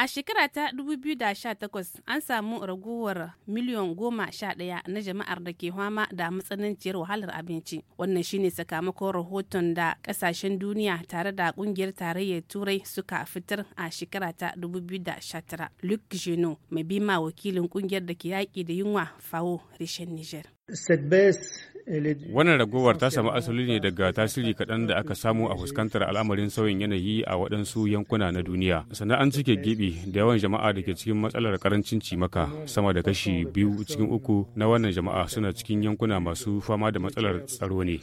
A shekara ta 2018 an samu raguwar miliyon goma sha ɗaya na jama'ar da ke fama da matsananciyar wahalar abinci. Wannan shine sakamakon rahoton da ƙasashen duniya tare da ƙungiyar tarayyar Turai suka fitar a shekara ta 2019. Luc Geno mai bima wakilin ƙungiyar da ke yaƙi da yunwa FAO reshen Niger. Eh, wannan ragowar ta samu asali ne daga tasiri kaɗan da aka samu a fuskantar al'amarin sauyin yanayi a waɗansu yankuna na duniya. Sannan an cike gibi da yawan jama'a da ke cikin matsalar karancin cimaka sama da kashi biyu cikin uku na wannan jama'a suna cikin yankuna masu fama da matsalar tsaro ne.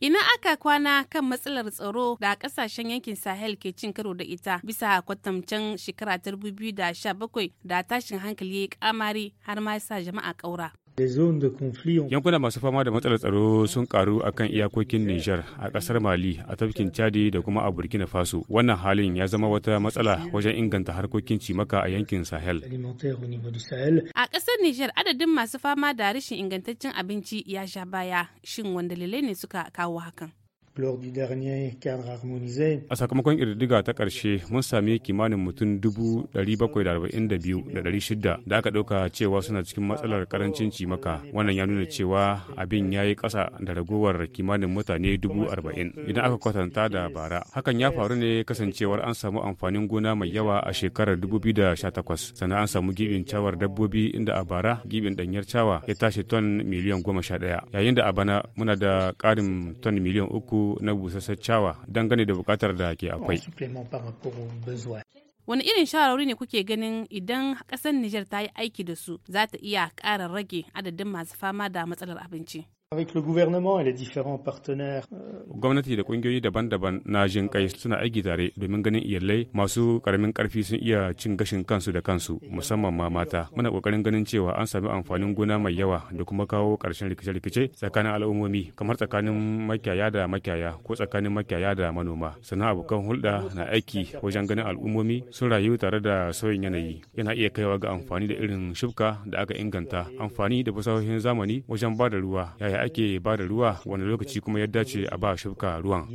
Ina aka kwana kan matsalar tsaro da kasashen yankin Sahel ke cin karo da ita bisa kwatancen shekara ta 2017 da tashin hankali ya kamari har ma sa jama'a ƙaura. Yankuna masu fama da matsalar tsaro sun karu a kan iyakokin Nijar a kasar Mali a tafkin Chadi da kuma a Burkina Faso. Wannan halin ya zama wata matsala wajen inganta harkokin cimaka a yankin Sahel. A kasar Nijar adadin masu fama da rashin ingantaccen abinci ya sha baya. Shin wanda ne suka kawo hakan? A sakamakon irdiga ta ƙarshe mun sami kimanin mutum 742,600 da da aka ɗauka cewa suna cikin matsalar karancin cimaka. Wannan ya nuna cewa abin ya yi ƙasa da ragowar kimanin mutane 40,000 idan aka kwatanta da bara. Hakan ya faru ne kasancewar an samu amfanin gona mai yawa a shekarar 2018 sannan an samu gibin cawar dabbobi inda a bara gibin ɗanyar cawa ya tashi ton miliyan ɗaya yayin da a bana muna da ƙarin ton miliyan uku na busassar cawa dangane da bukatar da ke akwai wani irin shawarwari ne kuke ganin idan ƙasar Nijar ta yi aiki da su za ta iya ƙara rage adadin masu fama da matsalar abinci Euh, Gwamnati da kungiyoyi daban-daban na jin kai suna aiki tare domin ganin iyalai masu karamin karfi sun iya cin gashin kansu da kansu musamman ma mata. Muna kokarin ganin cewa an sami amfanin gona mai yawa da kuma kawo karshen rikice-rikice tsakanin al'ummomi kamar tsakanin makiyaya da makiyaya ko tsakanin makiyaya da manoma. Sannan abokan hulɗa na aiki wajen ganin al'ummomi sun rayu tare da sauyin yanayi. Yana iya kaiwa ga amfani da irin shubka da aka inganta, amfani da fasahohin zamani wajen ba da ruwa yaya ake ba da ruwa wani lokaci kuma ya dace a ba shuka ruwan